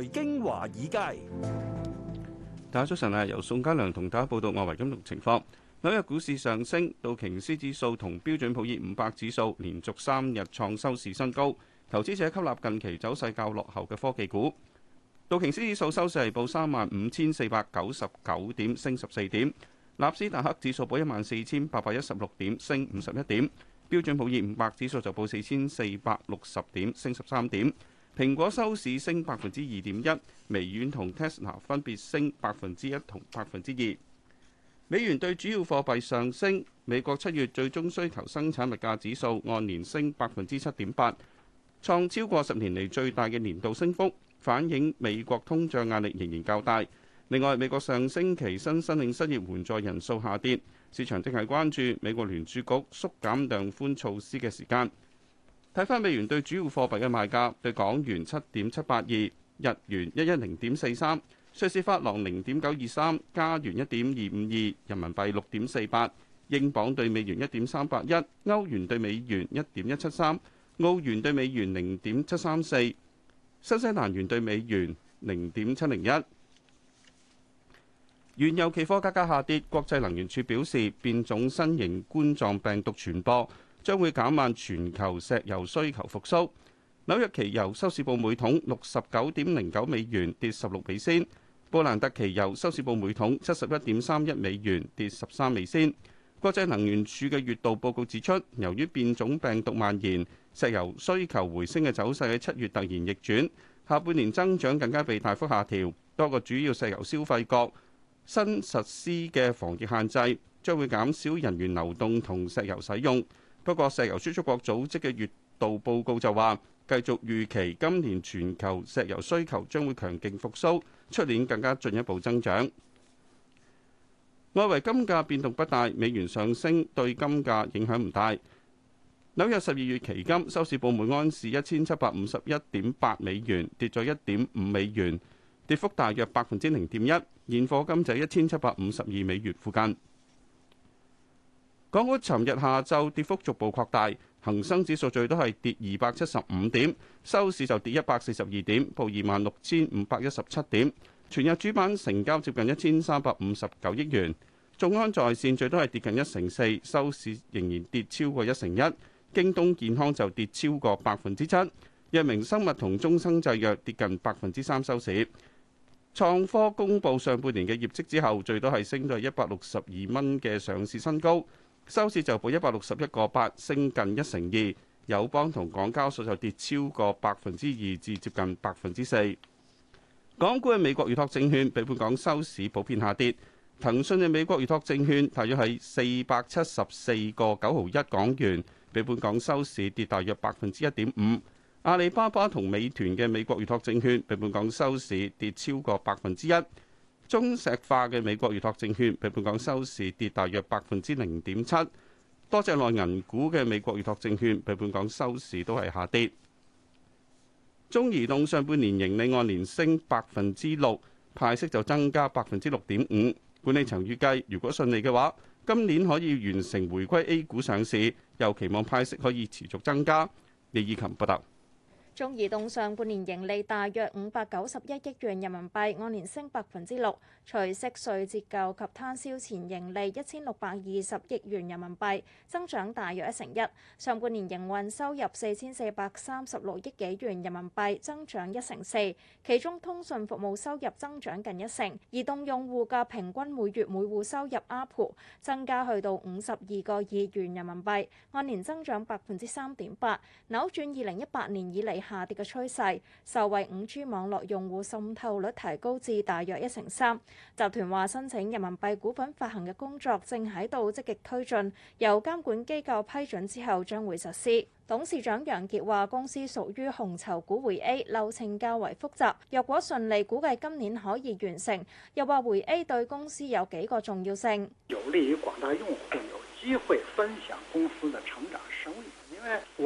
財經華爾街，大家早晨啊！由宋家良同大家報道外圍金融情況。紐約股市上升，道瓊斯指數同標準普爾五百指數連續三日創收市新高。投資者吸納近期走勢較落後嘅科技股。道瓊斯指數收市係報三萬五千四百九十九點，升十四點；納斯達克指數報一萬四千八百一十六點，升五十一點；標準普爾五百指數就報四千四百六十點，升十三點。蘋果收市升百分之二點一，微軟同 Tesla 分別升百分之一同百分之二。美元對主要貨幣上升，美國七月最終需求生產物價指數按年升百分之七點八，創超過十年嚟最大嘅年度升幅，反映美國通脹壓力仍然較大。另外，美國上星期新申請失業援助人數下跌，市場正係關注美國聯儲局縮減量寬措施嘅時間。睇翻美元對主要貨幣嘅賣價，對港元七點七八二，日元一一零點四三，瑞士法郎零點九二三，加元一點二五二，人民幣六點四八，英鎊對美元一點三八一，歐元對美元一點一七三，澳元對美元零點七三四，新西蘭元對美元零點七零一。原油期貨價格下跌，國際能源署表示，變種新型冠狀病毒傳播，將會減慢全球石油需求復甦。紐約期油收市報每桶六十九點零九美元，跌十六美仙。布蘭特期油收市報每桶七十一點三一美元，跌十三美仙。國際能源署嘅月度報告指出，由於變種病毒蔓延，石油需求回升嘅走勢喺七月突然逆轉，下半年增長更加被大幅下調。多個主要石油消費國新實施嘅防疫限制，將會減少人員流動同石油使用。不過，石油輸出國組織嘅月度報告就話，繼續預期今年全球石油需求將會強勁復甦，出年更加進一步增長。外圍金價變動不大，美元上升對金價影響唔大。紐約十二月期金收市報每安士一千七百五十一點八美元，跌咗一點五美元，跌幅大約百分之零點一。現貨金就一千七百五十二美元附近。港股尋日下晝跌幅逐步擴大，恒生指數最多係跌二百七十五點，收市就跌一百四十二點，報二萬六千五百一十七點。全日主板成交接近一千三百五十九億元。眾安在線最多係跌近一成四，收市仍然跌超過一成一。京東健康就跌超過百分之七，藥明生物同中生製藥跌近百分之三，收市。創科公布上半年嘅業績之後，最多係升到一百六十二蚊嘅上市新高。收市就報一百六十一個八，升近一成二。友邦同港交所就跌超過百分之二至接近百分之四。港股嘅美國預託證券比本港收市普遍下跌。騰訊嘅美國預託證券，大約係四百七十四個九毫一港元，比本港收市跌大約百分之一點五。阿里巴巴同美團嘅美國預託證券比本港收市跌超過百分之一。中石化嘅美國預託證券比本港收市跌大約百分之零點七，多隻內銀股嘅美國預託證券比本港收市都係下跌。中移動上半年盈利按年升百分之六，派息就增加百分之六點五。管理層預計如果順利嘅話，今年可以完成回歸 A 股上市，又期望派息可以持續增加。李以琴報道。中移動上半年盈利大約五百九十一億元人民幣，按年升百分之六，除息稅折舊及攤銷前盈利一千六百二十億元人民幣，增長大約一成一。上半年營運收入四千四百三十六億幾元人民幣，增長一成四，其中通訊服務收入增長近一成。移動用戶嘅平均每月每戶收入 ARPU 增加去到五十二個二元人民幣，按年增長百分之三點八，扭轉二零一八年以嚟下跌嘅趨勢，受惠 5G 網絡用戶滲透率提高至大約一成三。集團話申請人民幣股份發行嘅工作正喺度積極推進，由監管機構批准之後將會實施。董事長楊傑話：公司屬於紅籌股回 A 流程較為複雜，若果順利，估計今年可以完成。又話回 A 對公司有幾個重要性，有利於廣大用戶更有機會分享公司的成長。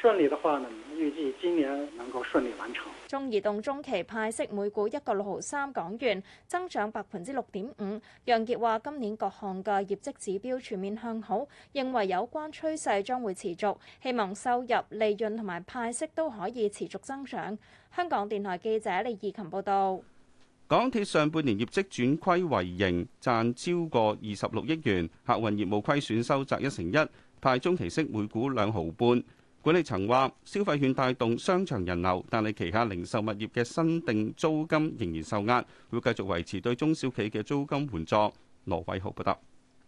順利的話呢，預計今年能夠順利完成。中移動中期派息每股一個六毫三港元，增長百分之六點五。楊傑話：今年各項嘅業績指標全面向好，認為有關趨勢將會持續，希望收入、利潤同埋派息都可以持續增長。香港電台記者李義琴報道。港鐵上半年業績轉虧為盈，賺超過二十六億元，客運業務虧損收窄一成一，派中期息每股兩毫半。管理層話：消費券帶動商場人流，但係旗下零售物業嘅新定租金仍然受壓，會繼續維持對中小企嘅租金援助。羅偉豪報道。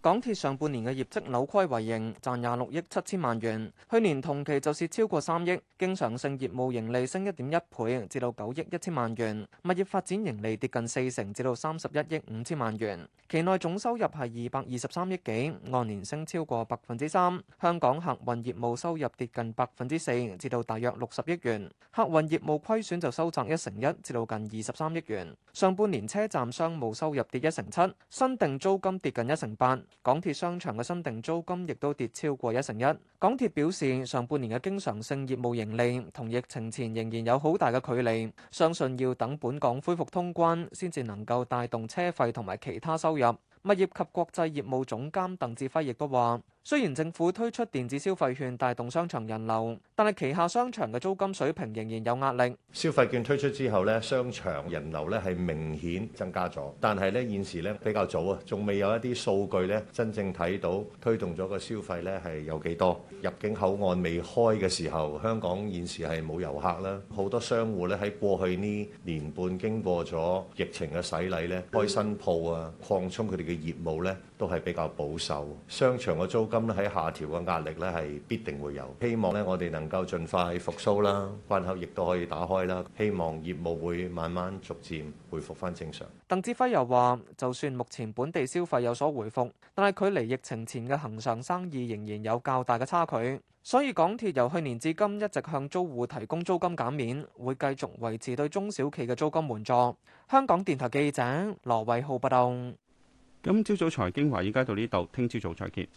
港鐵上半年嘅業績扭虧為盈，賺廿六億七千萬元。去年同期就蝕超過三億，經常性業務盈利升一點一倍，至到九億一千萬元。物業發展盈利跌近四成，至到三十一億五千萬元。期內總收入係二百二十三億幾，按年升超過百分之三。香港客運業務收入跌近百分之四，至到大約六十億元。客運業務虧損就收窄一成一，至到近二十三億元。上半年車站商務收入跌一成七，新訂租金跌近一成八。港鐵商場嘅新訂租金亦都跌超過一成一。港鐵表示，上半年嘅經常性業務盈利同疫情前仍然有好大嘅距離，相信要等本港恢復通關，先至能夠帶動車費同埋其他收入。物業及國際業務總監鄧智輝亦都話。雖然政府推出電子消費券帶動商場人流，但係旗下商場嘅租金水平仍然有壓力。消費券推出之後咧，商場人流咧係明顯增加咗，但係咧現時咧比較早啊，仲未有一啲數據咧真正睇到推動咗個消費咧係有幾多。入境口岸未開嘅時候，香港現時係冇遊客啦。好多商戶咧喺過去呢年半經過咗疫情嘅洗禮，咧，開新鋪啊、擴充佢哋嘅業務咧，都係比較保守。商場嘅租金金喺下調嘅壓力呢，係必定會有，希望呢，我哋能夠盡快復甦啦，關口亦都可以打開啦。希望業務會慢慢逐漸回復翻正常。鄧志輝又話：就算目前本地消費有所回復，但係距離疫情前嘅恒常生意仍然有較大嘅差距，所以港鐵由去年至今一直向租戶提供租金減免，會繼續維持對中小企嘅租金援助。香港電台記者羅偉浩報道。今朝早財經華爾街到呢度，聽朝早再見。